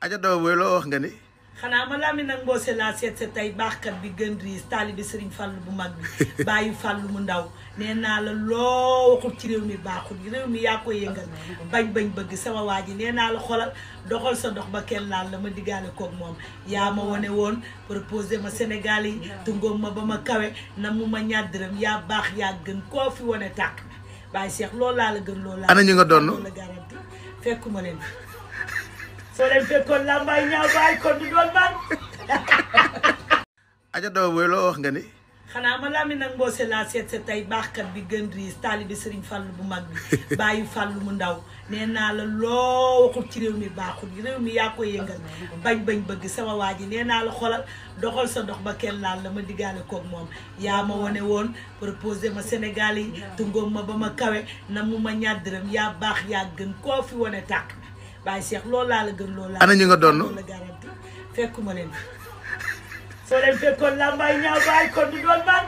aja doo booy loo wax nga ni xanaa ma Lamine nag Mbose laa seet sa tey baaxkat bi gën riis bi Serigne fàll bu mag bi bàyyi Fallou mu ndaw nee naa la loo waxul ci réew mi baaxul réew mi yaa ko yëngal bañ bañ bëgg sama waa ji nee naa la xolal doxal sa dox ba kenn laal la ma diggaale koog moom yaa ma wane woon proposé ma Sénégal yi tungoom ma ba ma kawe na mu ma ñaar dërëm yaa baax yaa gën koo fi wone tàkk bàyyi Cheikh lool laa la gën loolu laa ana ñu nga doon fekkuma leen soo leen fekkoon lambay ñaaw baay kon du doon man aja doo booy loo wax nga ni xanaa ma Lamine nag Mbose laa seet sa tey baaxkat bi gën riis bi Serigne fàll bu mag bi bàyyi Fallou mu ndaw nee naa la loo waxul ci réew mi baaxul réew mi yaa ko yëngal bañ bañ bëgg sama waa ji nee naa la xolal doxal sa dox ba kenn laal la ma diggaale koog moom yaa ma wone woon proposé ma Sénégal yi tungoom ma ba ma kawe na mu ma ñàddiram yaa baax yaa gën koo fi wane Baye Cheikh loolu laa a gëm loolu laa. ana ñu nga doon la garanti fekkuma leen soo leen fekkoon ñaaw baay kon du doon man.